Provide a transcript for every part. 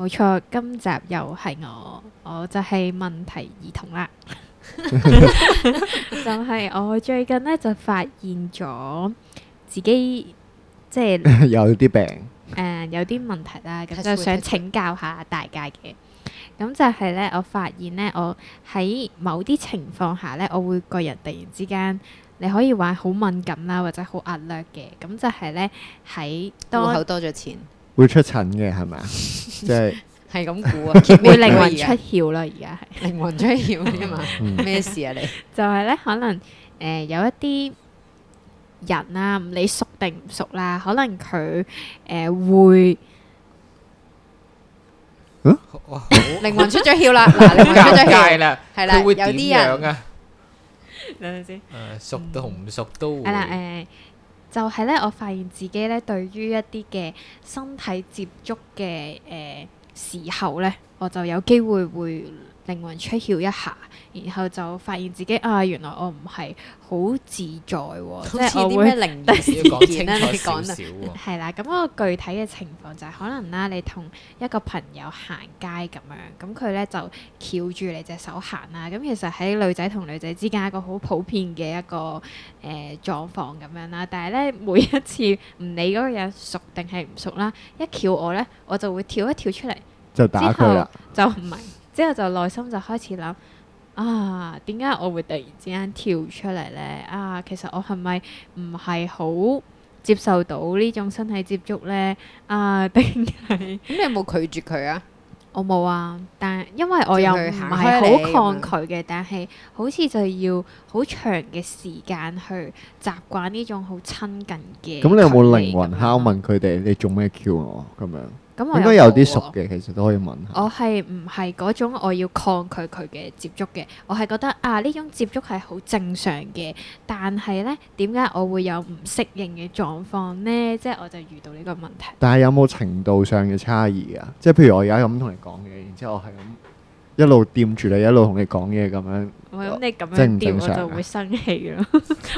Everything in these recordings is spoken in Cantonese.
冇錯，今集又係我，我就係問題兒童啦。 就係我最近咧就發現咗自己，即係 有啲病，誒、呃，有啲問題啦。咁、嗯、就、嗯、想請教下大家嘅。咁、嗯、就係、是、咧，我發現咧，我喺某啲情況下咧，我會個人突然之間，你可以話好敏感啦，或者好壓力嘅。咁、嗯、就係、是、咧，喺多好多咗錢。會出診嘅係咪啊？即係係咁估啊！會靈魂出竅啦，而家係靈魂出竅啫嘛！咩事啊？你就係咧，可能誒有一啲人啊，唔理熟定唔熟啦？可能佢誒會嗯哇靈魂出咗竅啦！靈魂出咗竅啦！係啦，有啲人諗諗先，熟都同唔熟都係啦誒。就係咧，我發現自己咧對於一啲嘅身體接觸嘅誒時候咧，我就有機會會。靈魂出竅一下，然後就發現自己啊、哎，原來我唔係好自在喎、啊，即係我會靈異事件啦。講得少喎，係、嗯、啦。咁、那、嗰個具體嘅情況就係可能啦、啊，你同一個朋友行街咁樣，咁佢咧就翹住你隻手行啦、啊。咁、嗯、其實喺女仔同女仔之間一個好普遍嘅一個誒、呃、狀況咁樣啦、啊。但係咧每一次唔理嗰個人熟定係唔熟啦，一翹我咧，我就會跳一跳出嚟就打佢啦，就唔係。之後就內心就開始諗啊，點解我會突然之間跳出嚟呢？啊，其實我係咪唔係好接受到呢種身體接觸呢？啊，定係咁？你有冇拒絕佢啊？我冇啊，但因為我又唔係好抗拒嘅，但係好似就要好長嘅時間去習慣呢種好親近嘅。咁、嗯、你有冇靈魂敲問佢哋、啊、你做咩叫我咁樣？應該有啲熟嘅，其實都可以問下。問下我係唔係嗰種我要抗拒佢嘅接觸嘅？我係覺得啊，呢種接觸係好正常嘅，但係呢，點解我會有唔適應嘅狀況呢？即係我就遇到呢個問題。但係有冇程度上嘅差異啊？即係譬如我而家咁同你講嘢，然之後我係咁一路掂住你，一路同你講嘢咁樣。唔係咁，你咁樣掂我就會生氣咯，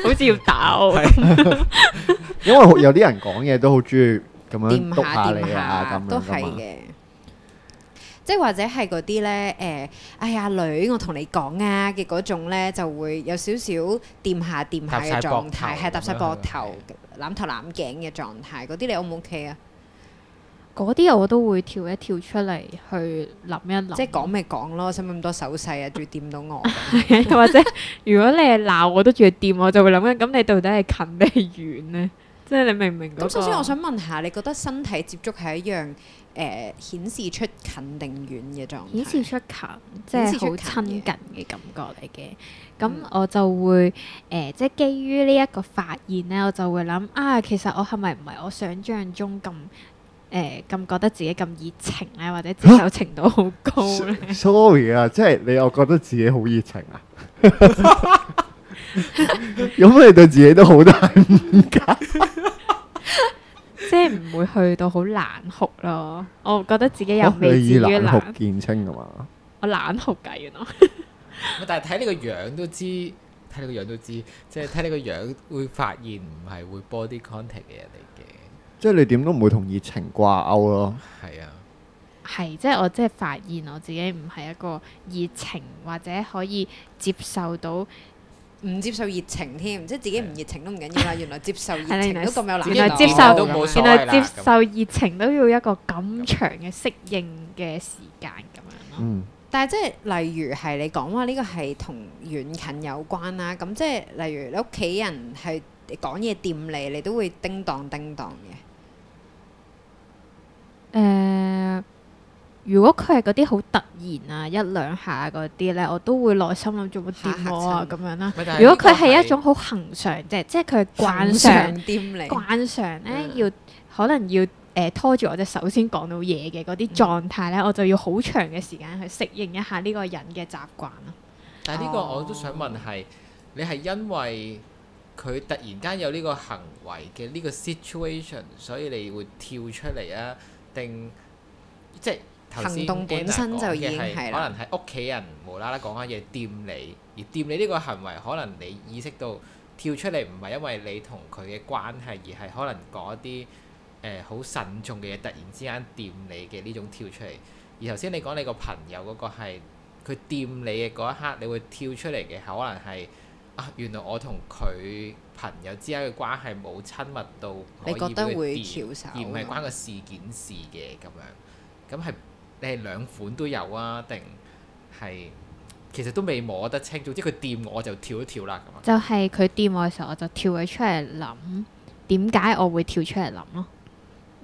好似要打我。 因為有啲人講嘢都好中意。掂下掂下，都係嘅。即係樣或者係嗰啲咧，誒，哎呀、哎、女，我同你講啊嘅嗰種咧，就會有少少掂下掂下嘅狀態，係搭晒膊頭抱、攬頭攬頸嘅狀態。嗰啲你 O 唔 OK 啊？嗰啲我都會跳一跳出嚟去諗一諗。即係講咪講咯，使唔使咁多手勢啊？仲要掂到我， 或者如果你係鬧我都仲要掂，我就會諗緊，咁你到底係近定係遠咧？即係你明唔明、那個？咁首先我想問下，你覺得身體接觸係一樣誒顯示出近定遠嘅狀態？顯示出近，即係好親近嘅感覺嚟嘅。咁、嗯、我就會誒、呃，即係基於呢一個發現咧，我就會諗啊，其實我係咪唔係我想象中咁誒咁覺得自己咁熱情咧，或者接受程度好高 Sorry 啊，即係你，又覺得自己好熱情啊！咁 你對自己都好大誤解， 即係唔會去到好冷酷咯。我覺得自己又未至於冷酷，見稱噶嘛。我冷酷噶，原來。 但係睇你個樣都知，睇你個樣都知，即係睇你個樣會發現唔係會 body contact 嘅人嚟嘅。即係你點都唔會同熱情掛鈎咯。係啊，係即係我即係發現我自己唔係一個熱情或者可以接受到。唔接受熱情添，即係自己唔熱情都唔緊要啦。原來接受熱情都咁有難度，原來接受原來接受熱情都要一個咁長嘅適應嘅時間咁樣咯。但係即係例如係你講話呢個係同遠近有關啦。咁即係例如你屋企人係講嘢掂你，你都會叮當叮當嘅。誒。如果佢係嗰啲好突然啊，一兩下嗰啲呢，我都會耐心諗做乜掂我啊，咁樣啦。如果佢係一種好恒常嘅，即係佢係慣常。慣常、常呢，嗯、要可能要誒、呃、拖住我隻手先講到嘢嘅嗰啲狀態呢，嗯、我就要好長嘅時間去適應一下呢個人嘅習慣咯。但係呢個我都想問係、哦、你係因為佢突然間有呢個行為嘅呢個 situation，所以你會跳出嚟啊？定即係？行動本身就嘅係，可能係屋企人無啦啦講下嘢掂你，而掂你呢個行為，可能你意識到跳出嚟唔係因為你同佢嘅關係，而係可能講一啲誒好慎重嘅嘢，突然之間掂你嘅呢種跳出嚟。而頭先你講你個朋友嗰個係佢掂你嘅嗰一刻，你會跳出嚟嘅，可能係啊，原來我同佢朋友之間嘅關係冇親密到可以掂，而唔係關個事件事嘅咁樣，咁係。你係兩款都有啊？定係其實都未摸得清。總之佢掂我就跳一跳啦，咁啊。就係佢掂我嘅時候，我就跳咗出嚟諗點解我會跳出嚟諗咯。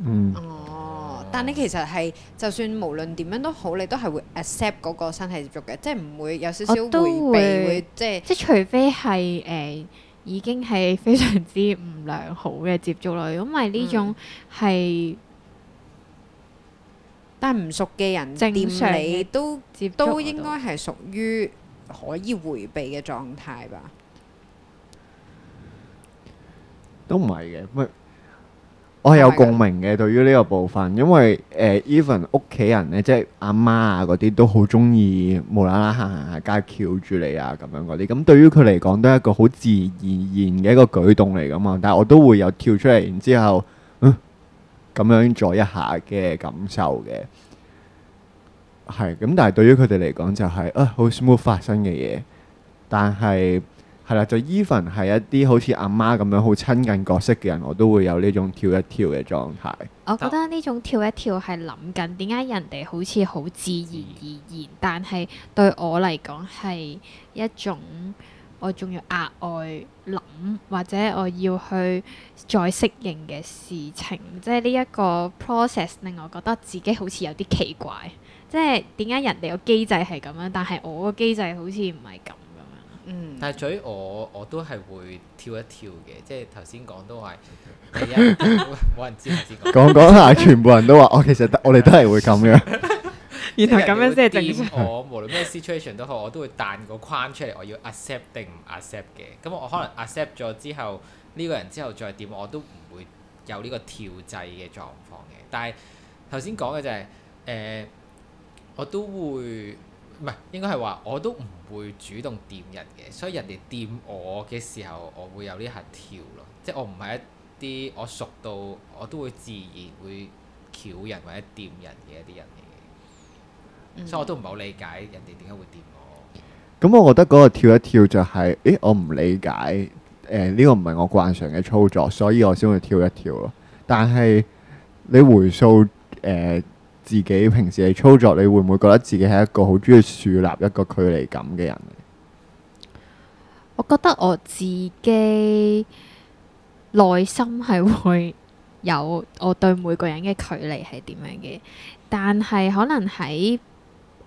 嗯。哦，但你其實係就算無論點樣都好，你都係會 accept 嗰個身體接觸嘅，即係唔會有少少迴避，都會即係即係除非係誒、呃、已經係非常之唔良好嘅接觸咯，因為呢種係。嗯。但唔熟嘅人，即係點上嚟都應該係屬於可以迴避嘅狀態吧？都唔係嘅，唔係，我係有共鳴嘅對於呢個部分，因為誒，even 屋企人咧，即係阿媽啊嗰啲都好中意無啦啦行行下街翹住你啊咁樣嗰啲，咁對於佢嚟講都係一個好自然而然嘅一個舉動嚟㗎嘛，但係我都會有跳出嚟，然之後。咁樣做一下嘅感受嘅，係咁。但係對於佢哋嚟講就係、是，誒好 smooth 發生嘅嘢。但係係啦，就 even 係一啲好似阿媽咁樣好親近角色嘅人，我都會有呢種跳一跳嘅狀態。我覺得呢種跳一跳係諗緊點解人哋好似好自然而然，嗯、但係對我嚟講係一種。我仲要額外諗，或者我要去再適應嘅事情，即係呢一個 process 令我覺得自己好似有啲奇怪。即係點解人哋個機制係咁樣，但係我個機制好似唔係咁咁樣。嗯，但係嘴我我都係會跳一跳嘅，即係頭先講都係冇人知唔 知 講講下，全部人都話我其實 我哋都係會咁樣。 然後咁樣先係正常。我無論咩 situation 都好，我都會彈個框出嚟，我要 accept 定唔 accept 嘅。咁我可能 accept 咗之後，呢、呢個人之後再點，我都唔會有呢個跳掣嘅狀況嘅。但係頭先講嘅就係、是，誒、呃，我都會，唔係應該係話我都唔會主動掂人嘅。所以人哋掂我嘅時候，我會有呢下跳咯，即係我唔係一啲我熟到我都會自然會僥人或者掂人嘅一啲人嘅。所以我都唔係好理解人哋點解會掂我。咁、嗯、我覺得嗰個跳一跳就係、是，誒我唔理解，誒、呃、呢、這個唔係我慣常嘅操作，所以我先會跳一跳咯。但係你回溯誒、呃、自己平時嘅操作，你會唔會覺得自己係一個好鍾意樹立一個距離感嘅人？我覺得我自己內心係會有，我對每個人嘅距離係點樣嘅，但係可能喺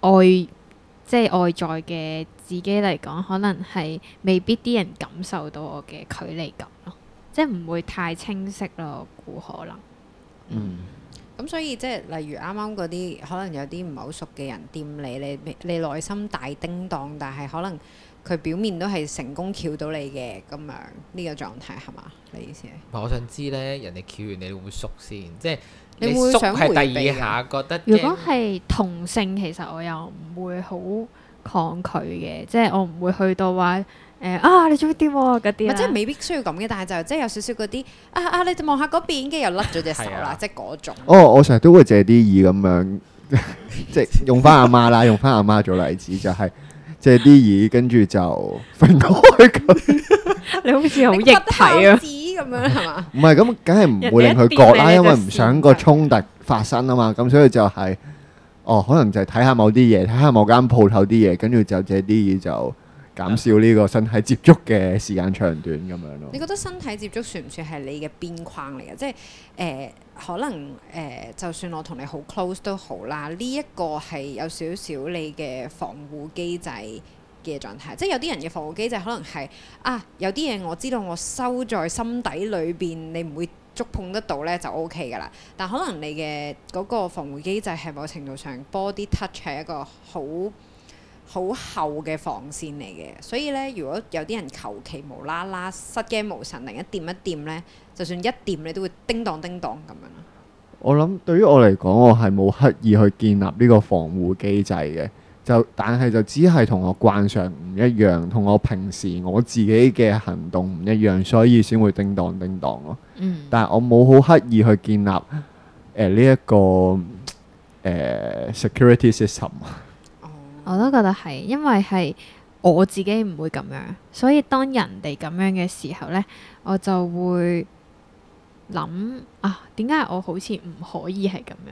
外即係外在嘅自己嚟講，可能係未必啲人感受到我嘅距離感咯，即係唔會太清晰咯，估可能。嗯，咁所以即係例如啱啱嗰啲可能有啲唔係好熟嘅人掂你，你你內心大叮噹，但係可能佢表面都係成功撬到你嘅咁樣呢、這個狀態係嘛？你意思係？我想知咧，人哋撬完你，你會唔會熟先，即係。你會想係第二下覺得，如果係同性，其實我又唔會好抗拒嘅，即係我唔會去到話誒、呃、啊，你做乜啲嗰啲，即係未必需要咁嘅，但係就即係有少少嗰啲啊啊，你望下嗰邊，跟住又甩咗隻手啦，啊、即係嗰種。哦，我成日都會借啲耳咁樣，即係 用翻阿媽，媽啦，用翻阿媽，媽做例子，就係、是、借啲耳跟住就分開佢。 你好似好易睇啊！咁樣係嘛？唔係咁，梗係唔會令佢覺啦，因為唔想個衝突發生啊嘛。咁所以就係、是，哦，可能就係睇下某啲嘢，睇下某間鋪頭啲嘢，跟住就借啲嘢就減少呢個身體接觸嘅時間長短咁樣咯。你覺得身體接觸算唔算係你嘅邊框嚟嘅？即係誒、呃，可能誒、呃，就算我同你好 close 都好啦，呢、這、一個係有少少你嘅防護機制。嘅狀態，即係有啲人嘅防護機制可能係啊，有啲嘢我知道我收在心底裏邊，你唔會觸碰得到呢就 OK 噶啦。但可能你嘅嗰個防護機制係某程度上 body touch 係一個好好厚嘅防線嚟嘅。所以呢，如果有啲人求其無啦啦失驚無神，另一掂一掂呢，就算一掂你都會叮當叮當咁樣咯。我諗對於我嚟講，我係冇刻意去建立呢個防護機制嘅。就但係就只係同我慣常唔一樣，同我平時我自己嘅行動唔一樣，所以先會叮當叮當咯。嗯，但係我冇好刻意去建立呢一、呃這個、呃、security system。哦，我都覺得係，因為係我自己唔會咁樣，所以當人哋咁樣嘅時候呢，我就會諗啊，點解我好似唔可以係咁樣？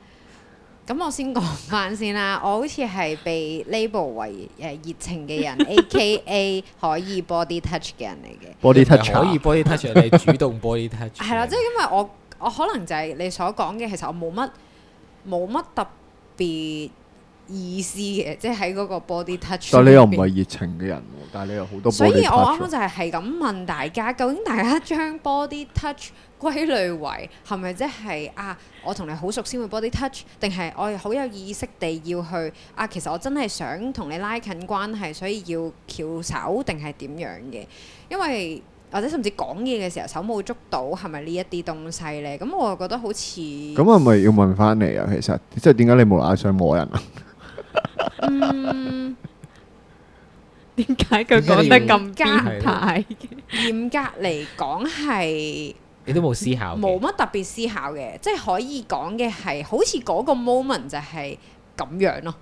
咁我先講翻先啦，我好似係被 label 為誒熱情嘅人，AKA 可以 body touch 嘅人嚟嘅，body touch 可以 body touch 你主動 body touch，係啦，即係因為我我可能就係你所講嘅，其實我冇乜冇乜特別。意思嘅，即係喺嗰個 body touch。但係你又唔係熱情嘅人喎，但係你又好多 body touch。所以我啱啱就係係咁問大家，究竟大家將 body touch 歸類為係咪即係啊？我同你好熟先會 body touch，定係我好有意識地要去啊？其實我真係想同你拉近關係，所以要翹手，定係點樣嘅？因為或者甚至講嘢嘅時候手冇捉到，係咪呢一啲東西咧？咁我覺得好似咁係咪要問翻你啊？其實即係點解你冇啦啦想摸人啊？嗯，點解佢講得咁加態？嚴格嚟講係，你都冇思考，冇乜特別思考嘅，即係可以講嘅係，好似嗰個 moment 就係咁樣咯，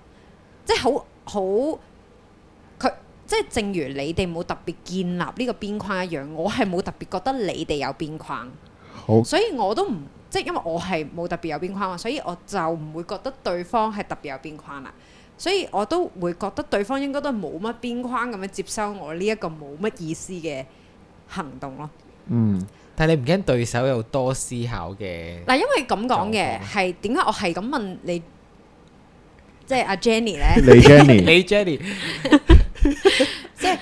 即係好好，佢即係正如你哋冇特別建立呢個邊框一樣，我係冇特別覺得你哋有邊框，好，所以我都唔即係，因為我係冇特別有邊框嘛，所以我就唔會覺得對方係特別有邊框啦。所以我都會覺得對方應該都係冇乜邊框咁樣接收我呢一個冇乜意思嘅行動咯。嗯，但係你唔驚對手有多思考嘅？嗱，因為咁講嘅係點解我係咁問你？即係阿 Jenny 咧，你 Jenny，你 Jenny。即係。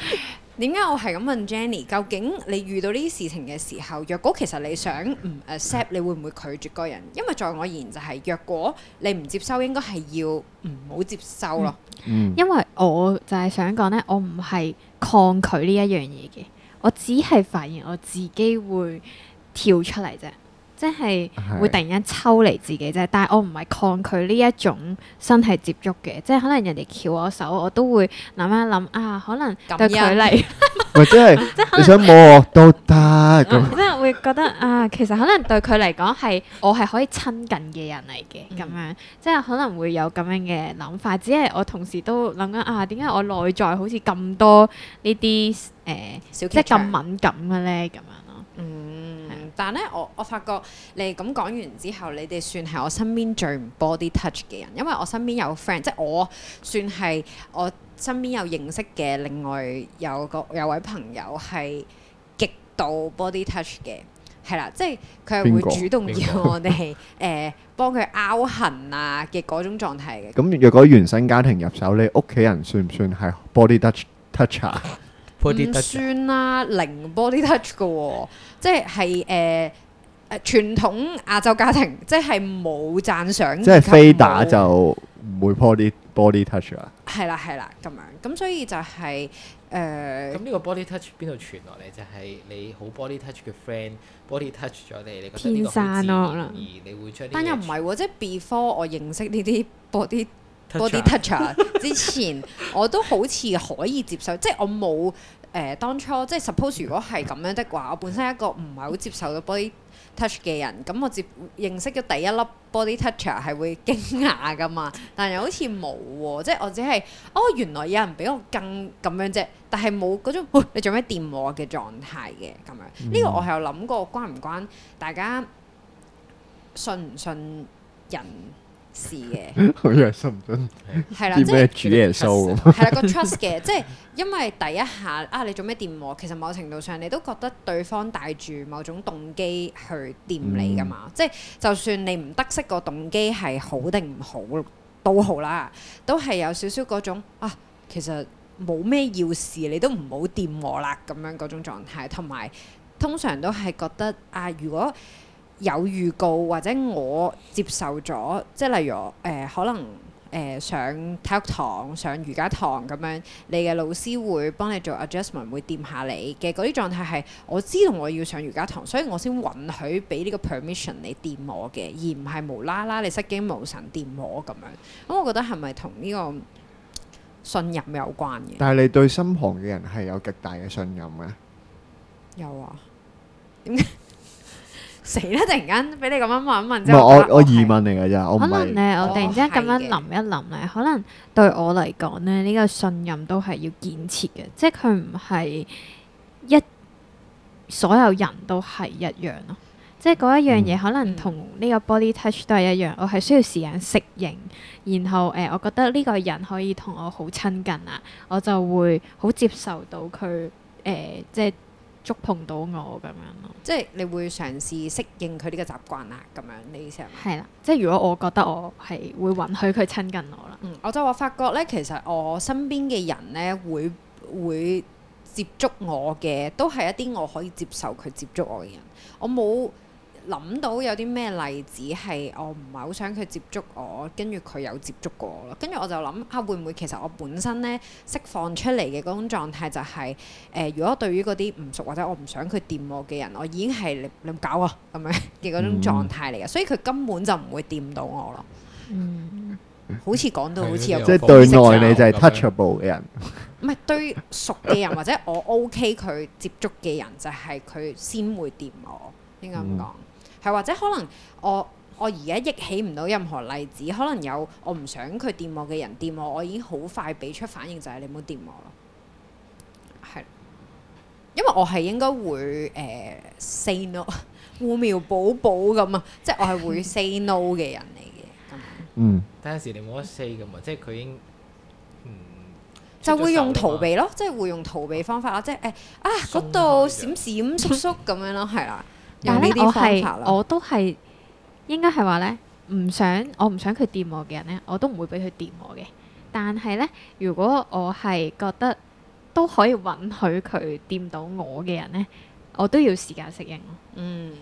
點解我係咁問 Jenny？究竟你遇到呢啲事情嘅時候，若果其實你想唔 accept，你會唔會拒絕個人？因為在我而言就係，若果你唔接收，應該係要唔好接收咯。嗯，因為我就係想講咧，我唔係抗拒呢一樣嘢嘅，我只係發現我自己會跳出嚟啫。即係會突然間抽離自己啫，但係我唔係抗拒呢一種身體接觸嘅，即係可能人哋翹我手，我都會諗一諗啊，可能對佢嚟，唔係即係即係你想摸都得咁，即係會覺得啊，其實可能對佢嚟講係我係可以親近嘅人嚟嘅咁樣，嗯、即係可能會有咁樣嘅諗法，只係我同時都諗緊啊，點解我內在好似咁多呢啲誒，呃、即係咁敏感嘅咧咁樣。但咧，我我發覺你咁講完之後，你哋算係我身邊最唔 body touch 嘅人，因為我身邊有 friend，即係我算係我身邊有認識嘅，另外有個有位朋友係極度 body touch 嘅，係啦，即係佢係會主動要我哋誒幫佢拗痕啊嘅嗰種狀態嘅誰。咁若 果原生家庭入手你屋企人算唔算係 body toucher 啊？唔算啦，零 body touch 嘅，哦、是的 即係誒誒，傳、呃、統亞洲家庭即係冇讚賞，即係非打，打就唔會 body body touch 啦。係啦，係啦，咁樣咁所以就係、是、誒，咁、呃、呢個 body touch 邊度傳落嚟？就係、是、你好 body touch 嘅 friend body touch 咗你，你覺得會自然而你會出？但又唔係，即係 before 我認識呢啲 body。body touch、er? 之前 我都好似可以接受，即係我冇誒、呃、當初即係 suppose 如果係咁樣的話，我本身一個唔係好接受到 body touch 嘅人，咁我接認識咗第一粒 body touch 係、er, 會驚訝㗎嘛，但又好似冇喎，即係我只係哦原來有人比我更咁樣啫，但係冇嗰種 你做咩掂我嘅狀態嘅咁樣，呢、嗯、個我係有諗過關唔關大家信唔信人？事嘅，好有信心。係啦，即係主耶穌咁。係啦，個 trust 嘅，即係因為第一下啊，你做咩掂我？其實某程度上，你都覺得對方帶住某種動機去掂你噶嘛。即係就算你唔得識個動機係好定唔好都好啦，都係有少少嗰種啊，其實冇咩要事，你都唔好掂我啦，咁樣嗰種狀態。同埋通常都係覺得啊，如果。有預告或者我接受咗，即係例如誒、呃、可能誒、呃、上體育堂、上瑜伽堂咁樣，你嘅老師會幫你做 adjustment，會掂下你嘅嗰啲狀態，係我知道我要上瑜伽堂，所以我先允許俾呢個 permission 你掂我嘅，而唔係無啦啦你失驚無神掂我咁樣。咁我覺得係咪同呢個信任有關嘅？但係你對身旁嘅人係有極大嘅信任嘅？有啊，死啦！突然間俾你咁樣問一問是之後，我疑問嚟㗎咋，可能咧，我突然之間咁樣諗一諗咧，哦、可能對我嚟講咧，呢是的 個信任都係要建設嘅，即係佢唔係一所有人都係一樣咯。即係嗰一樣嘢，可能同呢個 body touch 都係一樣，嗯、我係需要時間適應。然後誒、呃，我覺得呢個人可以同我好親近啊，我就會好接受到佢誒、呃，即係。觸碰到我咁樣咯，即係你會嘗試適應佢呢個習慣啊，咁樣你意思係？係啦，即係如果我覺得我係會允許佢親近我啦。嗯，我就話發覺咧，其實我身邊嘅人咧，會會接觸我嘅，都係一啲我可以接受佢接觸我嘅人，我冇。諗到有啲咩例子係我唔係好想佢接觸我，跟住佢有接觸過咯。跟住我就諗啊，會唔會其實我本身咧釋放出嚟嘅嗰種狀態就係、是、誒、呃，如果對於嗰啲唔熟或者我唔想佢掂我嘅人，我已經係你你唔搞啊咁樣嘅嗰種狀態嚟嘅，所以佢根本就唔會掂到我咯。嗯、好似講到好似有即係對內你就係 touchable 嘅人，唔係對熟嘅人或者我 OK 佢接觸嘅人就係、是、佢先會掂我，應該咁講。嗯又或者可能我我而家憶起唔到任何例子，可能有我唔想佢掂我嘅人掂我，我已經好快俾出反應，就係、是、你唔好掂我咯。係，因為我係應該會誒、呃、say no，護苗寶寶咁啊， 即係我係會 say no 嘅人嚟嘅。嗯，有陣時你冇得 say 嘅嘛，即係佢已經，嗯，就會用逃避咯，即係會用逃避方法，即係誒、哎、啊嗰度閃,閃閃縮縮咁樣咯，係啦。但係咧，我係我都係應該係話咧，唔想我唔想佢掂我嘅人咧，我都唔會俾佢掂我嘅。但係咧，如果我係覺得都可以允許佢掂到我嘅人咧，我都要時間適應。嗯。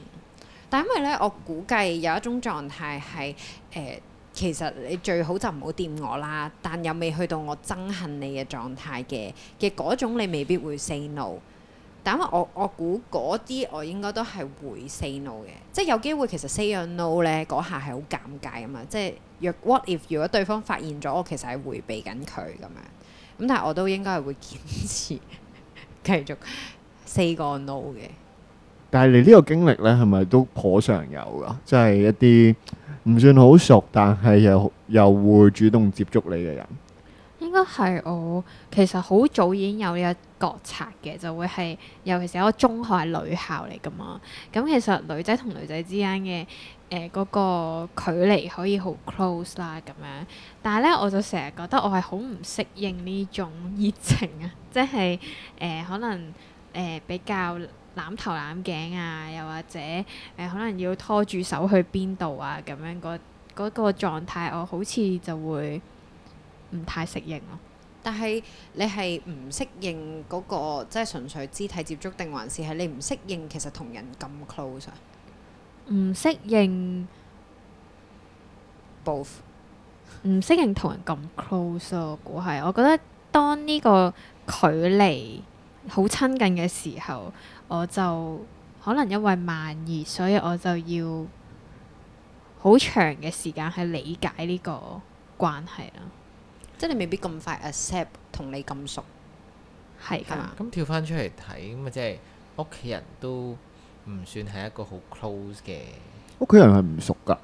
但因為咧，我估計有一種狀態係誒、呃，其實你最好就唔好掂我啦，但又未去到我憎恨你嘅狀態嘅嘅嗰種，你未必會 say no。但我我估嗰啲我應該都係會 say no 嘅，即係有機會其實 say no 咧，嗰下係好尷尬啊嘛！即係若 what if 如果對方發現咗我其實係迴避緊佢咁樣，咁但係我都應該係會堅持 繼續 say 個 no 嘅。但係你呢個經歷咧係咪都頗常有噶？即係一啲唔算好熟，但係又又會主動接觸你嘅人。都係我其實好早已經有呢個覺察嘅，就會係，尤其是我中學係女校嚟噶嘛，咁、嗯、其實女仔同女仔之間嘅誒嗰個距離可以好 close 啦咁樣，但係咧我就成日覺得我係好唔適應呢種熱情啊，即係誒可能誒、呃、比較攬頭攬頸啊，又或者誒、呃、可能要拖住手去邊度啊咁樣，嗰嗰、嗰個狀態我好似就會。唔太適應咯，但係你係唔適應嗰個，即係純粹肢體接觸，定還是係你唔適應其實同人咁 close？唔適應 both，唔適應同人咁 close 咯，估係。我覺得當呢個距離好親近嘅時候，我就可能因為慢熱，所以我就要好長嘅時間去理解呢個關係啦。即係你未必咁快 accept 同你咁熟，係係嘛？咁跳翻出嚟睇咁啊，即係屋企人都唔算係一個好 close 嘅。屋企人係唔熟噶。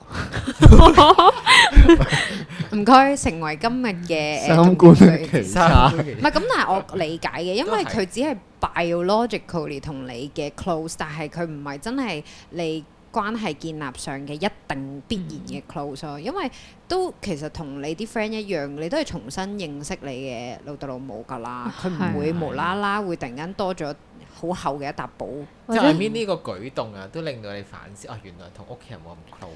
唔該，成為今日嘅三觀其實唔係咁，但係我理解嘅，因為佢只係 biologically 同你嘅 close，但係佢唔係真係你。關係建立上嘅一定必然嘅 close 咯，嗯、因為都其實同你啲 friend 一樣，你都係重新認識你嘅老豆老母噶啦，佢唔、啊、會無啦啦會突然間多咗好厚嘅一沓簿，即係邊呢個舉動啊，都令到你反思啊，原來同屋企人冇咁 close。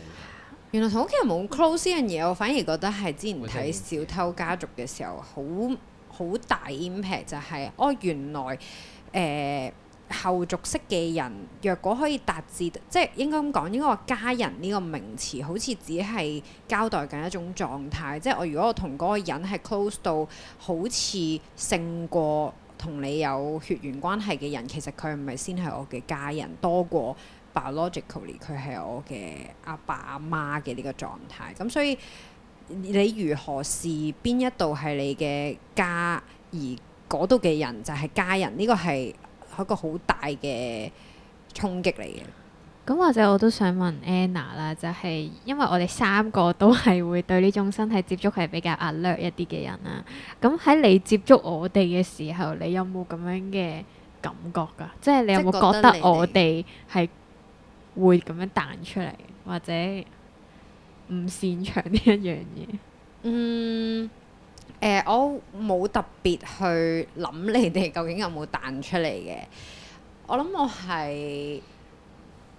原來同屋企人冇咁 close 呢樣嘢，我反而覺得係之前睇《小偷家族》嘅時候，好好大 impact 就係、是、哦、啊，原來誒。呃後續式嘅人，若果可以達至，即係應該咁講，應該話家人呢個名詞，好似只係交代緊一種狀態。即係我如果我同嗰個人係 close 到好似勝過同你有血緣關係嘅人，其實佢唔係先係我嘅家人多過 biologically，佢係我嘅阿爸阿媽嘅呢個狀態。咁所以你如何視邊一度係你嘅家，而嗰度嘅人就係家人呢？呢個係。係一個好大嘅衝擊嚟嘅，咁或者我都想問 Anna 啦，就係因為我哋三個都係會對呢種身體接觸係比較 alert 一啲嘅人啦，咁喺你接觸我哋嘅時候，你有冇咁樣嘅感覺噶？即係你有冇覺得我哋係會咁樣彈出嚟，或者唔擅長呢一樣嘢？嗯。誒、呃，我冇特別去諗你哋究竟有冇彈出嚟嘅。我諗我係誒、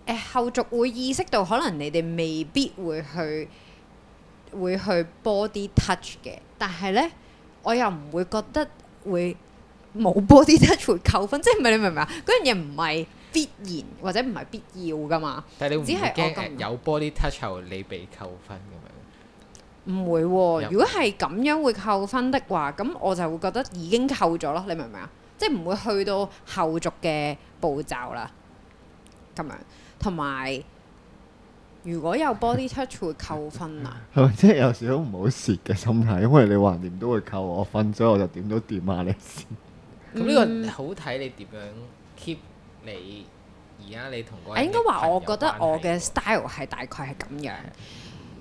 呃、後續會意識到，可能你哋未必會去會去 body touch 嘅。但係咧，我又唔會覺得會冇 body touch 會扣分，即係唔係你明唔明啊？嗰樣嘢唔係必然或者唔係必要㗎嘛。但係你唔係驚有 body touch 後你被扣分咁樣。唔會喎、啊，如果係咁樣會扣分的話，咁我就會覺得已經扣咗咯。你明唔明啊？即係唔會去到後續嘅步驟啦。咁樣同埋如果有 body touch 會扣分啊？係咪即係有少少唔好蝕嘅心態？因為你橫掂都會扣我分，所以我就點都掂下、啊、你先。咁呢個好睇你點樣 keep 你而家你同個。 我應該話，我覺得我嘅 style 係大概係咁樣。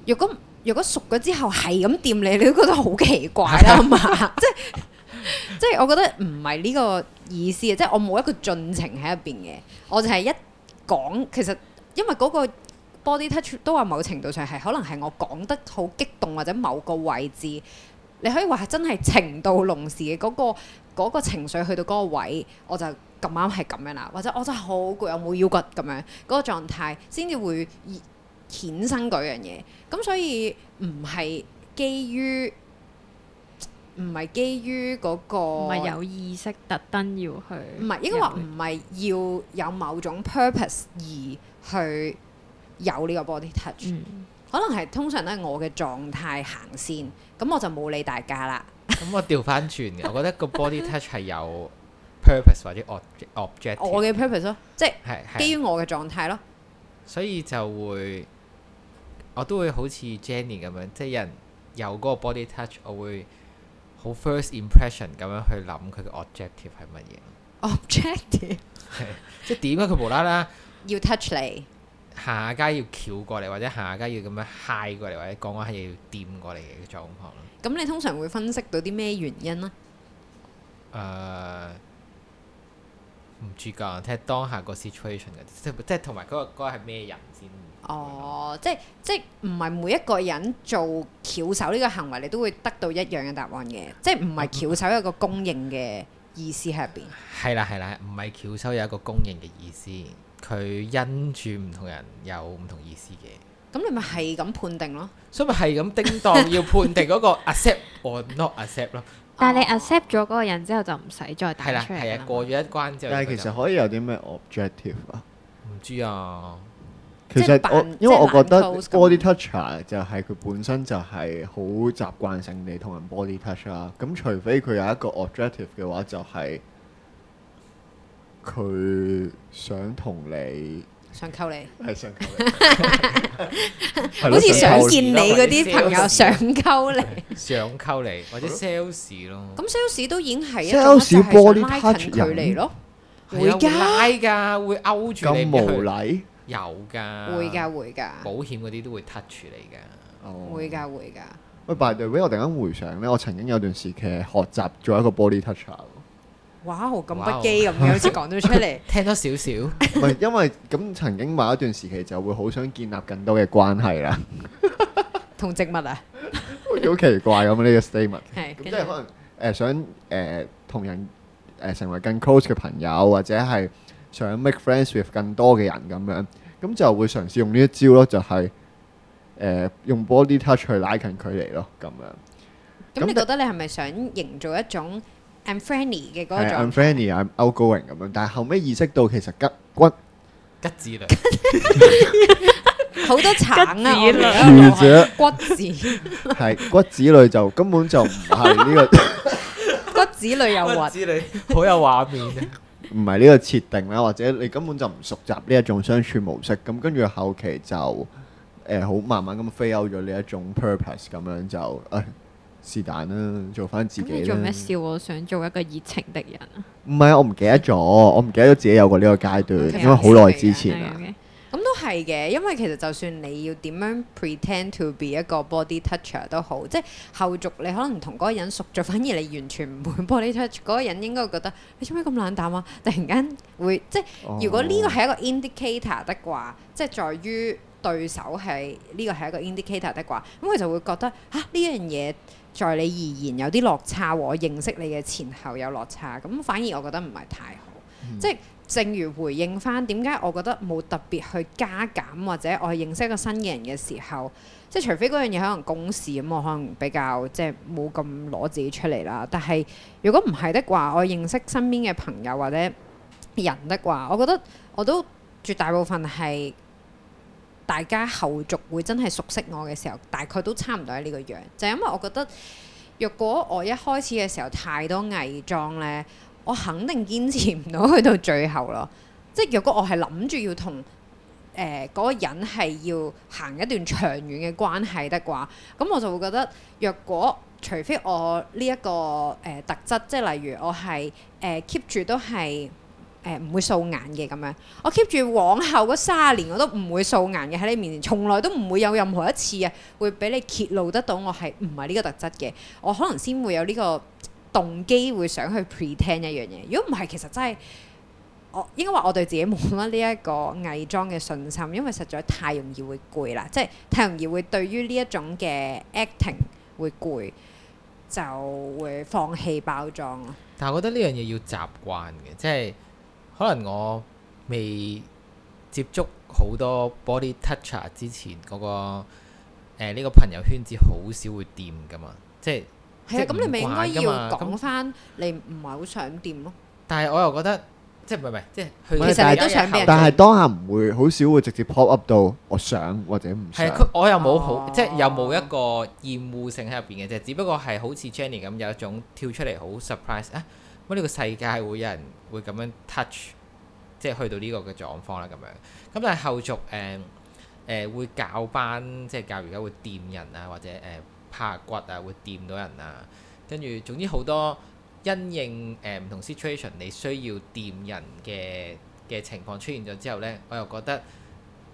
如果如果熟咗之後係咁掂你，你都覺得好奇怪啦嘛！即係即係，我覺得唔係呢個意思啊！即係我冇一個進程喺入邊嘅，我就係一講。其實因為嗰個 body touch 都話某程度上係可能係我講得好激動，或者某個位置，你可以話係真係情到濃時嘅嗰個嗰個情緒去到嗰個位，我就咁啱係咁樣啦。或者我真係好攰，我冇腰骨咁樣嗰個狀態，先至會。衍生嗰樣嘢，咁所以唔係基於唔係基於嗰、嗰個唔係有意識特登要去，唔係應該話唔係要有某種 purpose 而去有呢個 body touch、嗯、可能係通常咧我嘅狀態行先，咁我就冇理大家啦。咁我調返轉嘅，我覺得個 body touch 係有 purpose 或者 object，我嘅 purpose、哦、我咯，即係基於我嘅狀態咯，所以就會。我都會好似 Jenny 咁樣，即係人有嗰個 body touch，我會好 first impression 咁 Object ive? 樣去諗佢嘅 objective 係乜嘢。objective 係即係點啊？佢無啦啦要 touch 你，行下街要翹過嚟，或者行下街要咁樣 high 過嚟，或者講話係要掂過嚟嘅狀況咯。咁你通常會分析到啲咩原因呢？誒、呃，唔知㗎，睇當下 situation，嗰個 situation 嗰即係即係同埋嗰個嗰個係咩人先。哦，即係即係唔係每一個人做翹手呢個行為，你都會得到一樣嘅答案嘅，即係唔係翹手有一個公認嘅意思喺入邊？係啦係啦，唔係翹手有一個公認嘅意思，佢因住唔同人有唔同意思嘅。咁你咪係咁判定咯？所以咪係咁叮噹要判定嗰個 accept or not accept 咯？ 但係你 accept 咗嗰個人之後就唔使再打出嚟啦？係啊，過咗一關之後。但係其實可以有啲咩 objective 啊？唔知啊。其實我因為我覺得 body touch 就係佢本身就係好習慣性地同人 body touch 啦，咁除非佢有一個 objective 嘅話，就係佢想同你想溝你，係想溝你，好似想見你嗰啲朋友想溝你，想溝你或者 sales 咯。咁 sales 都已經係一種係拉近距離咯，會拉㗎，會勾住你，咁無禮。有噶，會噶會噶，保險嗰啲都會 touch 你噶，會噶會噶。喂，By t h 我突然間回想咧，我曾經有段時期學習做一個 body touch 啊！哇，好咁不羈咁樣，好似講咗出嚟，聽多少少。唔因為咁曾經某一段時期就會好想建立更多嘅關係啦，同植物啊，好奇怪咁呢個 statement。係，咁即係可能誒想誒同人誒成為更 close 嘅朋友，或者係。想 make friends with 更多嘅人咁樣，咁就會嘗試用呢一招咯，就係誒用 body touch 去拉近距離咯，咁樣。咁你覺得你係咪想營造一種 I'm friendly 嘅嗰種？I'm friendly，I'm outgoing 咁樣，但係後尾意識到其實骨骨骨子裏好多橙啊，骨子係骨子裏就根本就唔係呢個骨子裏有骨子裏，好有畫面。唔係呢個設定啦，或者你根本就唔熟習呢一種相處模式，咁、嗯、跟住後期就誒好、呃、慢慢咁 fail 咗呢一種 purpose 咁樣就誒是但啦，做翻自己。做咩笑？我想做一個熱情的人啊？唔係啊，我唔記得咗，我唔記得咗自己有過呢個階段，嗯、因為好耐之前啦。嗯係嘅，因為其實就算你要點樣 pretend to be 一個 body toucher 都好，即係後續你可能同嗰個人熟咗，反而你完全唔會 body touch，嗰個人應該會覺得你做咩咁冷淡啊？突然間會即係，oh. 如果呢個係一個 indicator 的話，即係在於對手係呢個係一個 indicator 的話，咁佢就會覺得啊呢樣嘢在你而言有啲落差，我認識你嘅前後有落差，咁反而我覺得唔係太好，mm. 即係。正如回應翻，點解我覺得冇特別去加減，或者我去認識一個新嘅人嘅時候，即係除非嗰樣嘢可能公事咁，我可能比較即係冇咁攞自己出嚟啦。但係如果唔係的話，我認識身邊嘅朋友或者人的話，我覺得我都絕大部分係大家後續會真係熟悉我嘅時候，大概都差唔多係呢個樣。就係因為我覺得，若果我一開始嘅時候太多偽裝呢。我肯定堅持唔到去到最後咯，即係若果我係諗住要同誒嗰個人係要行一段長遠嘅關係的話，咁我就會覺得，若果除非我呢、這、一個誒、呃、特質，即係例如我係誒 keep 住都係誒唔會掃眼嘅咁樣，我 keep 住往後嗰卅年我都唔會掃眼嘅喺你面前，從來都唔會有任何一次啊會俾你揭露得到我係唔係呢個特質嘅，我可能先會有呢、這個。動機會想去 pretend 一樣嘢，如果唔係，其實真係我應該話我對自己冇乜呢一個偽裝嘅信心，因為實在太容易會攰啦，即係太容易會對於呢一種嘅 acting 會攰，就會放棄包裝。但係我覺得呢樣嘢要習慣嘅，即係可能我未接觸好多 body toucher 之前，嗰個，誒，呢個朋友圈子好少會掂噶嘛，即係。係啊，咁你咪應該要講翻你唔係好想掂咯。但係我又覺得，即係唔係唔係，即係成日都想，但係當下唔會好少會直接 pop up 到我想或者唔想係佢，我又冇好，即係有冇一個厭惡性喺入邊嘅，就只不過係好似 Jenny 咁有一種跳出嚟好 surprise 啊！乜呢個世界會有人會咁樣 touch，即係去到呢個嘅狀況啦咁樣。咁但係後續誒誒會教班，即係教而家會掂人啊，或者誒。下骨啊，會掂到人啊，跟住總之好多因應誒呃、唔同 situation 你需要掂人嘅嘅情況出現咗之後呢，我又覺得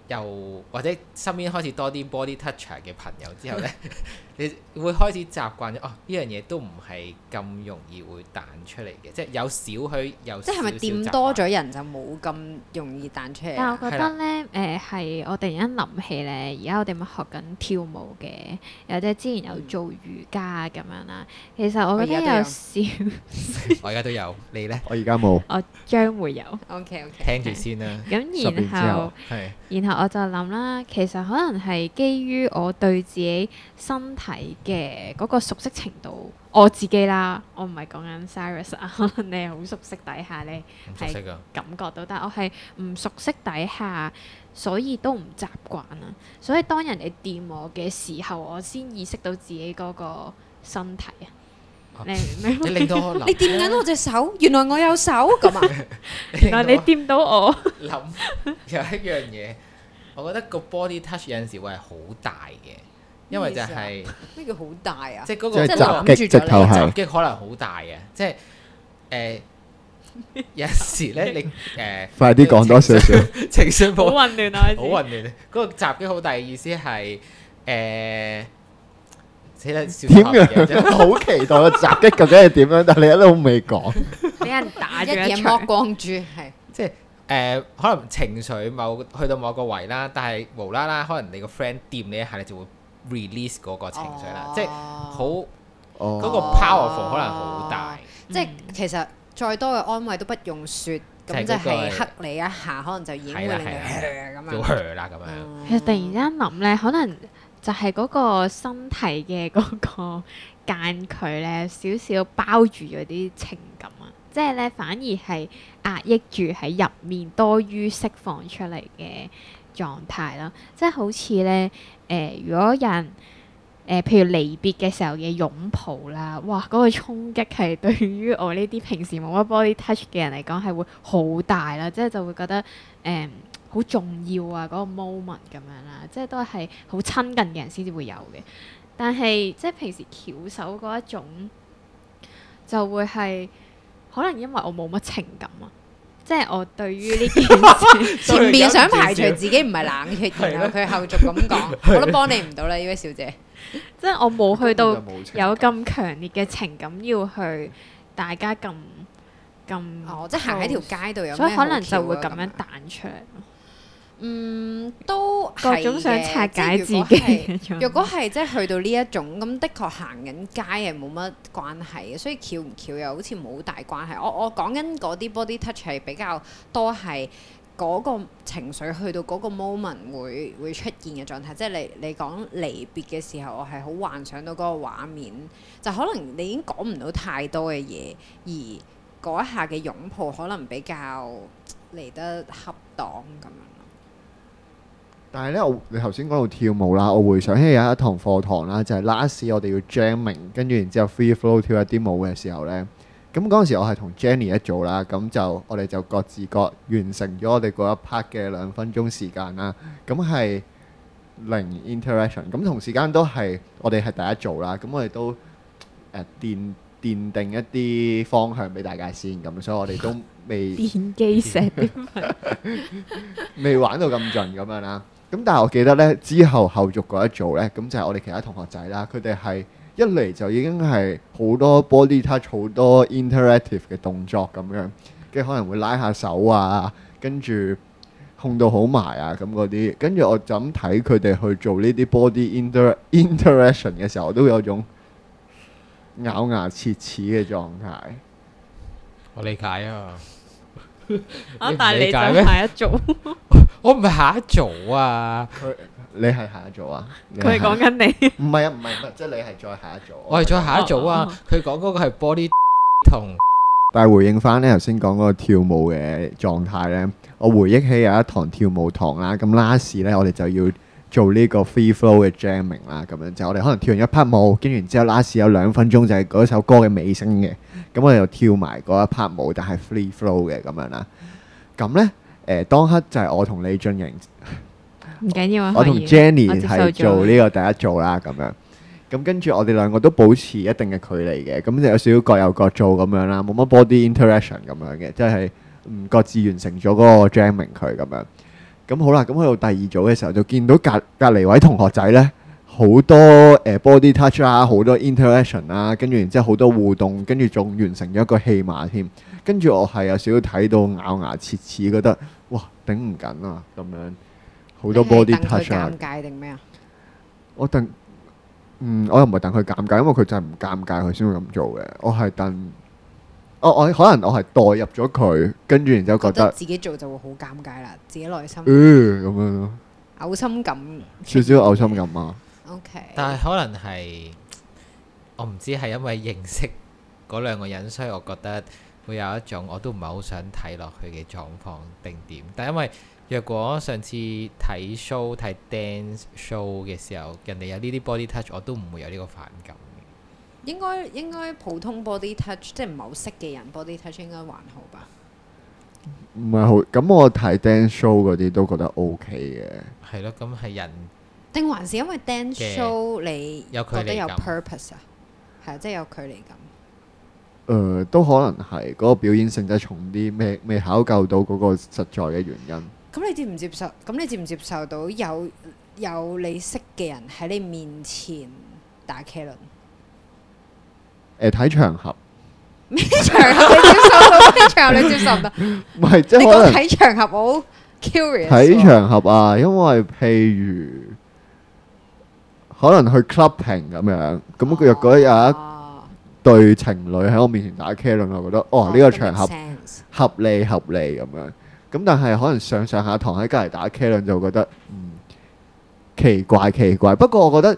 又或者身邊開始多啲 body toucher 嘅朋友之後呢。 你會開始習慣咗哦？呢樣嘢都唔係咁容易會彈出嚟嘅，即係有少許有即係咪掂多咗人就冇咁容易彈出嚟？但我覺得咧，誒係的、呃、我突然間諗起咧，而家我哋咪學緊跳舞嘅，或者之前有做瑜伽咁樣啦。其實我覺得有少、嗯，我而家都， 都有，你咧？我而家冇， 我將會有。OK OK，聽住先啦。咁 然後，後然後我就諗啦，其實可能係基於我對自己身。睇嘅嗰個熟悉程度，我自己啦，我唔係講緊 s a r i 啊，你係好熟悉底下咧，熟感覺到，但係我係唔熟悉底下，所以都唔習慣啊。所以當人哋掂我嘅時候，我先意識到自己嗰個身體啊。 你 你掂緊我隻手，原來我有手咁啊！原來你掂到我。諗 有一樣嘢，我覺得個 body touch 有陣時會係好大嘅。因為就係呢個好大啊，即係嗰個襲擊，襲擊可能好大嘅，即係誒，有時咧你誒，快啲講多少少情緒好混亂啊，好混亂，嗰個襲擊好大，意思係誒，點樣好期待襲擊究竟係點樣，但係你一路未講，俾人打一耳光，光住係即係誒，可能情緒某去到某個位啦，但係無啦啦，可能你個 friend 掂你一下，你就會。release 嗰個情緒啦，哦、即係好嗰個 powerful 可能好大，嗯、即係其實再多嘅安慰都不用説，咁就係黑你一下，可能就已經係咁樣啦咁樣。嗯、其實突然間諗咧，可能就係嗰個身體嘅嗰個間距咧，少少包住咗啲情感啊，即係咧反而係壓抑住喺入面，多於釋放出嚟嘅。狀態啦，即係好似咧，誒，如果人誒，譬如離別嘅時候嘅擁抱啦，哇，嗰個衝擊係對於我呢啲平時冇乜 body touch 嘅人嚟講係會好大啦，即係就會覺得誒好重要啊嗰個 moment 咁樣啦，即係都係好親近嘅人先至會有嘅。但係即係平時翹手嗰一種，就會係可能因為我冇乜情感啊。即係我對於呢件事， 前面想排除自己唔係冷血， 的然後佢後續咁講， 的我都幫你唔到啦，呢 位小姐。即係我冇去到有咁強烈嘅情感要去，大家咁咁哦，即係行喺條街度，所以可能就會咁樣彈出嚟。嗯，都各種想拆解自己。如果係 即係去到呢一種，咁，的確行緊街係冇乜關係嘅，所以翹唔翹又好似冇大關係。我我講緊嗰啲 body touch 係比較多係嗰個情緒去到嗰個 moment 會會出現嘅狀態，即係你你講離別嘅時候，我係好幻想到嗰個畫面，就可能你已經講唔到太多嘅嘢，而嗰一下嘅擁抱可能比較嚟得恰當咁樣。但係咧，我你頭先嗰度跳舞啦，我回想起有一堂課堂啦，就係 last 我哋要 jamming，跟住然之後 free flow 跳一啲舞嘅時候咧，咁嗰陣時我係同 Jenny 一組啦，咁就我哋就各自各完成咗我哋嗰一 part 嘅兩分鐘時間啦，咁係零 interaction，咁同時間都係我哋係第一組啦，咁我哋都誒奠奠定一啲方向俾大家先咁，所以我哋都未電機石，未玩到咁盡咁樣啦。咁但係我記得咧，之後後續嗰一組咧，咁就係我哋其他同學仔啦，佢哋係一嚟就已經係好多 body touch 好多 interactive 嘅動作咁樣，跟住可能會拉下手啊，跟住控到好埋啊咁嗰啲，跟住我就咁睇佢哋去做呢啲 body inter interaction 嘅時候，我都有種咬牙切齒嘅狀態。我理解啊。啊！但係你就下一組，我唔係下一組啊！佢，你係下一組啊？佢係講緊你，唔係啊，唔係，即係你係再下一組。我係再下一組啊！佢講嗰個係玻璃同，但係回應翻咧，頭先講嗰個跳舞嘅狀態咧，我回憶起有一堂跳舞堂啦，咁拉時咧，我哋就要。做呢個 free flow 嘅 jamming 啦，咁樣就係、我哋可能跳完一 part 舞，跟住然之後 last 有兩分鐘就係嗰首歌嘅尾聲嘅，咁我哋就跳埋嗰一 part 舞，但係 free flow 嘅咁樣啦。咁呢，誒、呃、當刻就係我同李俊瑩，唔緊要啊，我同和 Jenny 係做呢個第一組啦，咁樣。咁跟住我哋兩個都保持一定嘅距離嘅，咁就有少少各有各做咁樣啦，冇乜 body interaction 咁樣嘅，即係各自完成咗嗰個 jamming 佢咁樣。咁好啦，咁去到第二組嘅時候，就見到隔隔離位同學仔呢，好多誒、呃、body touch 啦、啊，好多 interaction 啦、啊，跟住然之後好多互動，跟住仲完成咗一個戲碼添。跟住我係有少少睇到咬牙切齒，覺得哇，頂唔緊啊咁樣。好多 body touch 啊。尷尬定咩啊？我等嗯，我又唔係等佢尷尬，因為佢就係唔尷尬，佢先會咁做嘅。我係等。我我可能我係代入咗佢，跟住然之後覺得自己做就會好尷尬啦，自己內心嗯咁、呃、樣咯，嘔心感少少嘔心感啊。OK，但係可能係我唔知係因為認識嗰兩個人，所以我覺得會有一種我都唔係好想睇落去嘅狀況定點。但係因為若果上次睇 show 睇 dance show 嘅時候，人哋有呢啲 body touch，我都唔會有呢個反感。應該應該普通 body touch 即係唔係好識嘅人 body touch 應該還好吧？唔係好咁，我睇 dance show 嗰啲都覺得 OK 嘅。係咯，咁係人定還是因為 dance show 你覺得有 purpose 啊？係啊，即係有距離感。誒、呃，都可能係嗰、嗰個表演性質重啲，咩未，未考究到嗰個實在嘅原因。咁你接唔接受？咁你接唔接受到有有你識嘅人喺你面前打茄輪？誒，睇場合，呢場合你接受到，呢場合你接受唔到，唔係即係可能睇場合，好 curious 睇場合啊，因為譬如可能去 clubbing 咁樣，咁佢若果有一對情侶喺我面前打茄輪，我覺得哦，呢個場合合理合理咁樣，咁但係可能上上下堂喺隔離打茄輪就覺得嗯，奇怪奇怪，不過我覺得。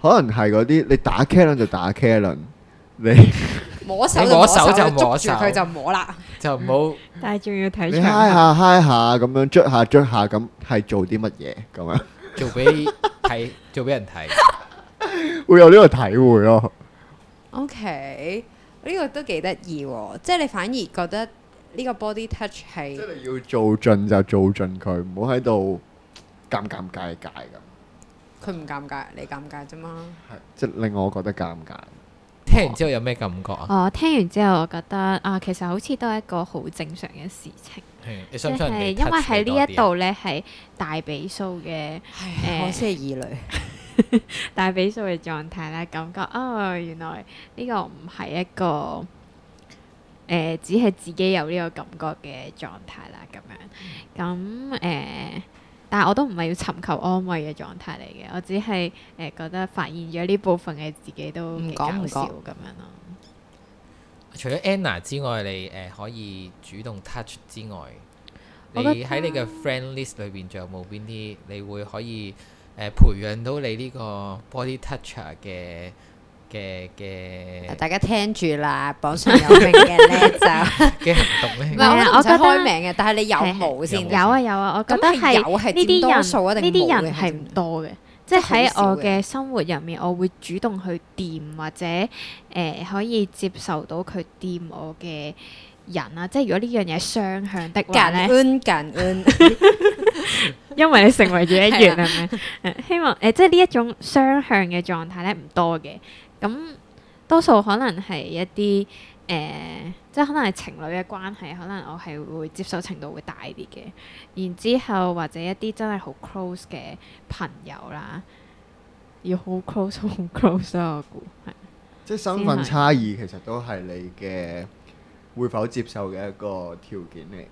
可能係嗰啲，你打 K 就打 K，你摸手就摸手，就捉住佢就摸啦，就唔好。但係仲要睇，你 high 下 high 下咁樣，捽下捽下咁，係做啲乜嘢咁樣？做俾睇，做俾人睇，會有呢個體會咯。OK，呢個都幾得意，即係你反而覺得呢個 body touch 係，即係你要做盡就做盡佢，唔好喺度尷尷尬尬噶。佢唔尷尬，你尷尬啫嘛。係，即令我覺得尷尬。聽完之後有咩感覺啊？我、哦、聽完之後，我覺得啊，其實好似都係一個好正常嘅事情。係、嗯，想想因為喺呢一度呢，係大比數嘅誒，即係二類大比數嘅狀態咧，感覺啊、哦，原來呢個唔係一個誒、呃，只係自己有呢個感覺嘅狀態啦，咁樣咁誒。但係我都唔係要尋求安慰嘅狀態嚟嘅，我只係誒、呃、覺得發現咗呢部分嘅自己都唔講笑咁樣咯、啊。除咗 Anna 之外，你誒、呃、可以主動 touch 之外，你喺你嘅 friend list 裏邊仲有冇邊啲你會可以誒、呃、培養到你呢個 body toucher 嘅？嘅嘅，大家聽住啦，榜上有名嘅咧，就嘅行動咧，唔係我開名嘅，但係你有冇先？有啊有啊，我覺得係呢啲人，呢啲人係唔多嘅，即係喺我嘅生活入面，我會主動去掂或者誒可以接受到佢掂我嘅人啊。即係如果呢樣嘢雙向的話咧，因為你成為咗一員係咪？希望誒，即係呢一種雙向嘅狀態咧，唔多嘅。咁多數可能係一啲誒、呃，即係可能係情侶嘅關係，可能我係會接受程度會大啲嘅。然之後或者一啲真係好 close 嘅朋友啦，要好 close 好 close 啊！我估係即係身份差異，其實都係你嘅會否接受嘅一個條件嚟嘅。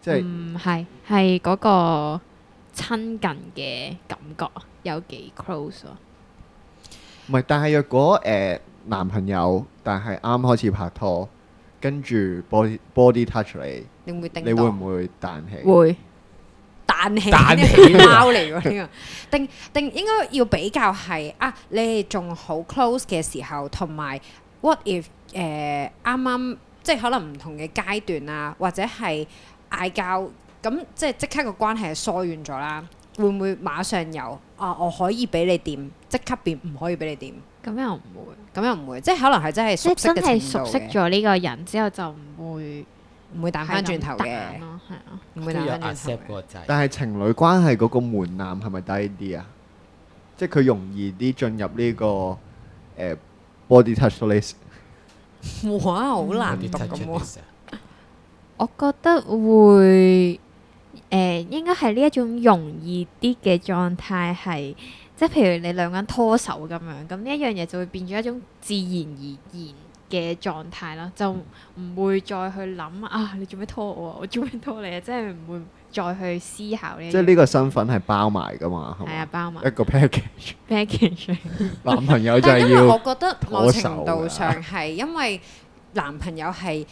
即係唔係係嗰個親近嘅感覺，有幾 close 啊？唔係，但係若果誒男朋友，但係啱開始拍拖，跟住 body body touch 你，你會唔會彈起？會彈起？彈起貓嚟㗎呢個？定定應該要比較係啊？你仲好 close 嘅時候，同埋 what if 誒啱啱即係可能唔同嘅階段啊，或者係嗌交，咁即係即刻個關係係疏遠咗啦。會唔會馬上有啊？我可以俾你點，即刻變唔可以俾你點？咁又唔會，咁又唔會，即係可能係真係熟悉嘅程度嘅。即係真係熟悉咗呢個人之後就唔會唔會打翻轉頭嘅咯，係啊，唔會彈返轉頭。但係情侶關係嗰個門檻係咪低啲啊？即係佢容易啲進入呢個誒 body touch list。哇，好難讀咁啊！我覺得會。誒、呃、應該係呢一種容易啲嘅狀態，係即係譬如你兩個人拖手咁樣，咁呢一樣嘢就會變咗一種自然而然嘅狀態啦，就唔會再去諗啊，你做咩拖我啊，我做咩拖你啊，即係唔會再去思考呢。即係呢個身份係包埋㗎嘛，係啊，包埋一,一個 package。package 餐。 男朋友就係要拖手。因為我覺得某程度上係因為男朋友係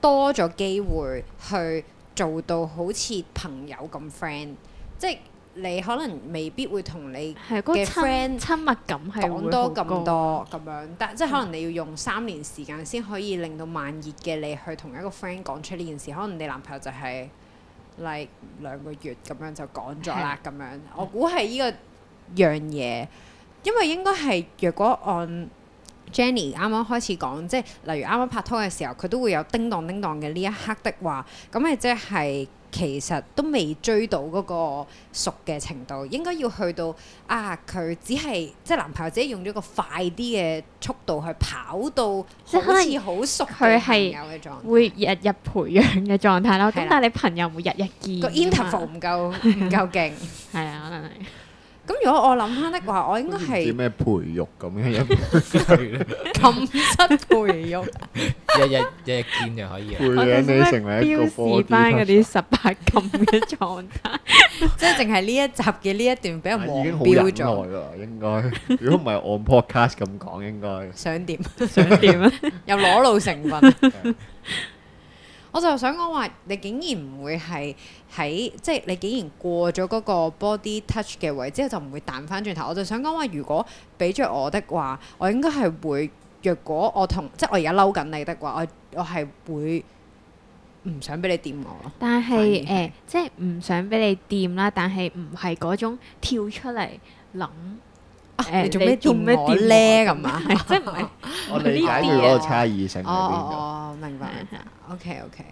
多咗機會去。做到好似朋友咁 friend，即係你可能未必會同你嘅 friend 親密感講多咁多咁很樣，但即係可能你要用三年時間先可以令到慢熱嘅你去同一個 friend 講出呢件事，可能你男朋友就係 like 兩個月咁樣就講咗啦咁樣。嗯、我估係呢個樣嘢，因為應該係，若果按。Jenny 啱啱開始講，即係例如啱啱拍拖嘅時候，佢都會有叮當叮當嘅呢一刻的話，咁誒即係其實都未追到嗰個熟嘅程度，應該要去到啊佢只係即係男朋友自己用咗個快啲嘅速度去跑到好，即係可能好熟，佢係會日日培養嘅狀態咯。咁 但係你朋友唔會日日見，個 interval 唔夠唔夠勁，係啊， 可能係。咁如果我諗翻嘅話，我應該係點咩培育咁樣樣？禁慾培， 培育，日日 一日見就可以。培養你成為一個標示翻嗰啲十八禁嘅狀態， 即係淨係呢一集嘅呢一段比較黃，啊。已經好入啦，應該。如果唔係按 podcast 咁講，應該想點？想點咧？又裸露成分。 我就想講話，你竟然唔會係喺，即係你竟然過咗嗰個 body touch 嘅位之後就唔會彈翻轉頭。我就想講話，如果俾着我的話，我應該係會。若果我同，即係我而家嬲緊你的話，我我係會唔想俾你掂我囉。但係誒，呃，即係唔想俾你掂啦。但係唔係嗰種跳出嚟諗。你做咩掂我咧咁啊？即係唔係？我理解佢嗰個差異性。哦，明白。OK，OK，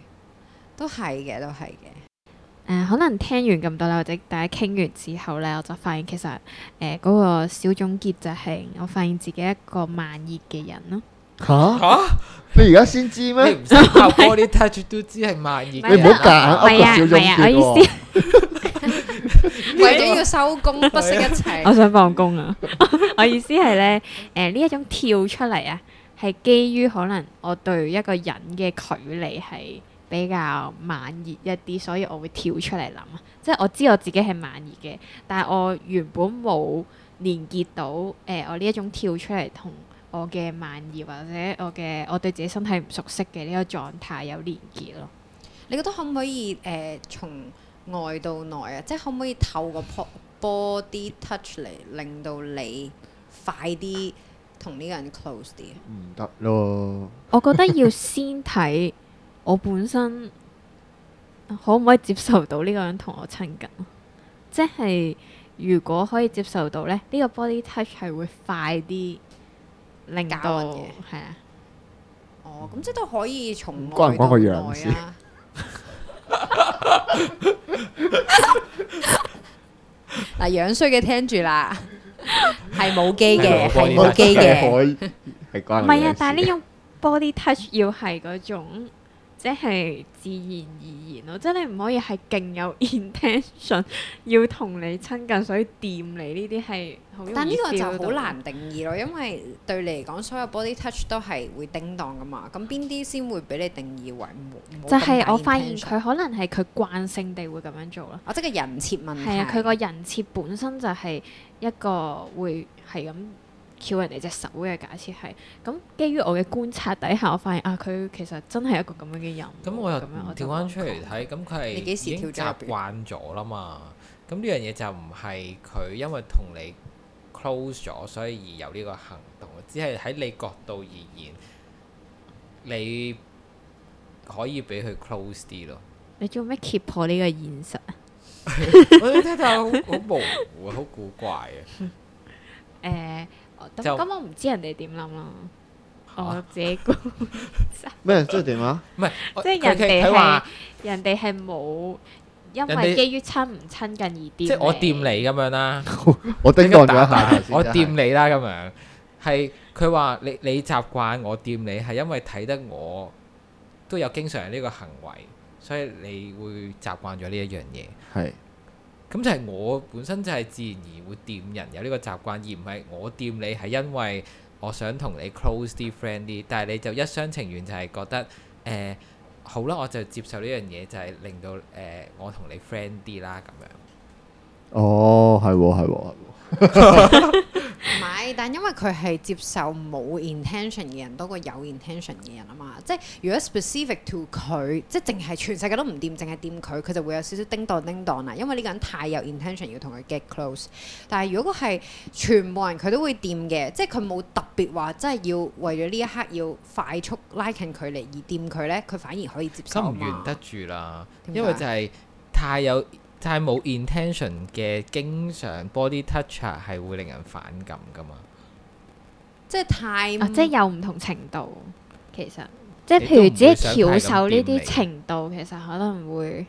都係嘅，都係嘅。誒，可能聽完咁多咧，或者大家傾完之後咧，我就發現其實誒嗰個小總結就係，我發現自己一個慢熱嘅人咯。吓吓，你而家先知咩？你唔識 body touch 都知係慢熱，你唔好講小總結喎。為咗要收工，不惜一切。我想放工啊！我意思係咧，誒呢一種跳出嚟啊，係基於可能我對一個人嘅距離係比較慢熱一啲，所以我會跳出嚟諗。即係我知我自己係慢熱嘅，但係我原本冇連結到誒、呃、我呢一種跳出嚟同我嘅慢熱或者我嘅我對自己身體唔熟悉嘅呢個狀態有連結咯。你覺得可唔可以誒從？呃從外到內啊！即係可唔可以透過 body touch 嚟令到你快啲同呢個人 close 啲？唔得行咯！ 我覺得要先睇我本身可唔可以接受到呢個人同我親近。 即係如果可以接受到咧，呢、呢個 body touch 係會快啲令到係啊。哦，咁即係都可以從外到內啊！ 嗱、 啊，樣衰嘅聽住啦，係冇機嘅，係冇機嘅，係唔係啊？但係呢種 body touch 要係嗰種。即係自然而然咯，即係你唔可以係勁有 intention 要同你親近，所以掂你呢啲係好。但呢個就好難定義咯，因為對你嚟講，所有 body touch 都係會叮當噶嘛。咁邊啲先會俾你定義為唔？就係我發現佢可能係佢慣性地會咁樣做啦。哦、啊，即係人設問題。係啊，佢個人設本身就係一個會係咁。撬人哋隻手嘅假設係咁，基於我嘅觀察底下，我發現啊，佢其實真係一個咁樣嘅人。咁我又調翻出嚟睇，咁佢係已經習慣咗啦嘛。咁呢樣嘢就唔係佢因為同你 close 咗，所以而有呢個行動。只係喺你角度而言，你可以俾佢 close 啲咯。你做咩揭破呢個現實？ 我聽到好，好模糊，好古怪啊！誒、 嗯。呃但我就根本唔知人哋點諗啦，我自己估咩人即係點啊？唔係、就是、 是即係人哋係人哋係冇因為基於親唔親近而掂，家即係我掂你咁樣啦。我等我打下我掂你啦咁樣。係佢話你你，你習慣我掂你係因為睇得我都有經常呢個行為，所以你會習慣咗呢一樣嘢。係的。 咁，嗯，就係我本身就係自然而會掂人，有呢個習慣，而唔係我掂你係因為我想同你 close 啲 friend 啲，但係你就一廂情願就係覺得誒，呃，好啦，我就接受呢樣嘢就係令到誒，呃，我同你 friend 啲啦咁樣。哦，係喎，係喎，係喎。 但因為佢係接受冇 intention 嘅人多過有 intention 嘅人啊嘛，即係如果 specific to 佢，即係淨係全世界都唔掂，淨係掂佢，佢就會有少少叮噹叮噹啦。因為呢個人太有 intention 要同佢 get close，但係如果佢係全部人佢都會掂嘅，即係佢冇特別話，真係要為咗呢一刻要快速拉近距離而掂佢咧，佢反而可以接受。心唔圓得住啦，為因為就係太有。太冇 intention 嘅，經常 body touch 係、er、會令人反感噶嘛？即係太，即係有唔同程度。其實，即係譬如只係翹手呢啲程度，其實可能會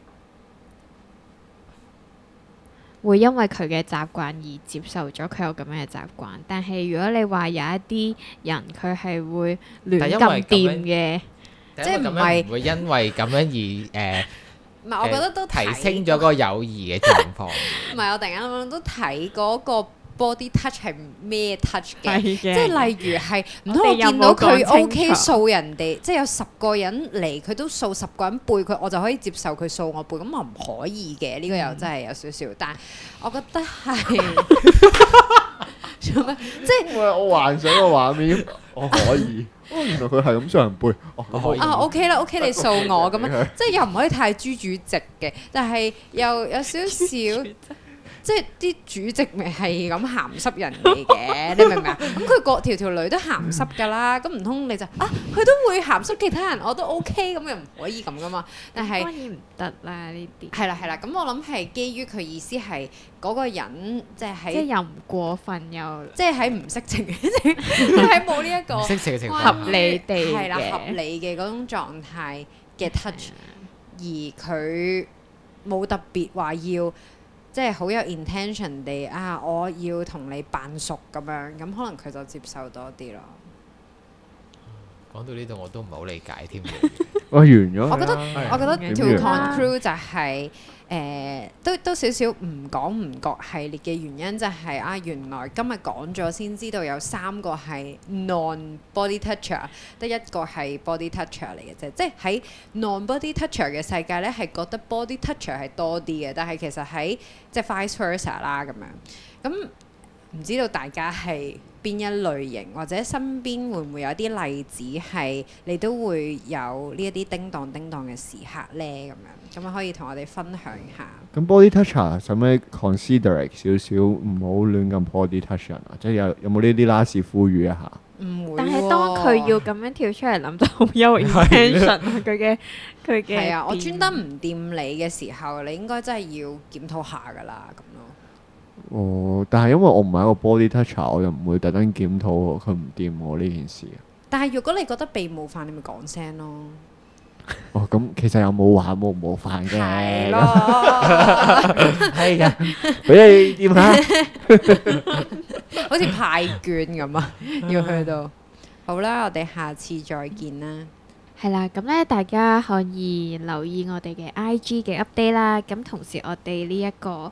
會因為佢嘅習慣而接受咗佢有咁樣嘅習慣。但係如果你話有一啲人佢係會亂咁掂嘅，即係唔會因為咁樣而誒。 唔係，我覺得都提升咗個友誼嘅狀況。唔係，我突然間都睇嗰個 body touch 係咩 touch 嘅，是的 即係例如係唔通我見到佢 OK 掃人哋，即係有十個人嚟佢都掃十個人背佢，我就可以接受佢掃我背？咁我唔可以嘅，呢、呢個又真係有少少，嗯、但係我覺得係。 做咩？即係喂，我幻想個畫面，我, eme, 啊、我可以。哦，原來佢係咁上人背，我可以。啊，OK 啦，OK 你掃我咁樣， 即係又唔可以太豬主，主席嘅，但係又有少少。 即係啲主席咪係咁鹹濕人嚟嘅，你明唔明啊？咁佢各條條女都鹹濕噶啦，咁唔通你就啊，佢都會鹹濕其他人我都 O K，咁又唔可以咁噶嘛？但係當然唔得啦，呢啲係啦係啦。咁我諗係基於佢意思係嗰個人即係喺即又唔過分，又即係喺唔色情，喺冇呢一個色情嘅情況，合理哋係啦，合理嘅嗰種狀態嘅 touch，而佢冇特別話要。即係好有 intention 地啊，我要同你扮熟咁樣，樣，咁可能佢就接受多啲咯。講到呢度我都唔係好理解添，我、 啊、完咗。我覺得 我覺得 to conclude 就係、是、誒、呃、都都少少唔講唔覺系列嘅原因、就是，就係啊原來今日講咗先知道有三個係 non body toucher，得一個係 body toucher 嚟嘅啫。即係喺 non body toucher 嘅世界咧，係覺得 body toucher 係多啲嘅，但係其實喺即係 vice versa 啦咁樣。咁唔知道大家係，邊一類型，或者身邊會唔會有啲例子係你都會有呢一啲叮當叮當嘅時刻咧咁樣，咁可以同我哋分享下。咁 body touch 啊，使唔使 consider 少少，唔好亂咁 body touch 啊，即係有有冇呢啲拉士呼籲一下？唔會。但係當佢要咁樣跳出嚟諗到，因為 touch 啊，佢嘅佢嘅。係啊，我專登唔掂你嘅時候，你應該真係要檢討下噶啦咁咯。哦，但係因為我唔係一個 body toucher，我又唔會特登檢討佢唔掂我呢件事。但係如果你覺得被冒犯，你咪講聲咯。哦，咁其實又冇話冇冒犯嘅。係啊，俾你掂下，好似派券咁啊，要去到好啦，我哋下次再見啦。係啦，咁咧大家可以留意我哋嘅 IG 嘅 update 啦。咁同時我哋呢一個。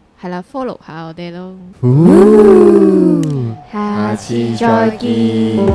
係啦，follow 下我哋咯。Ooh, 下次再見。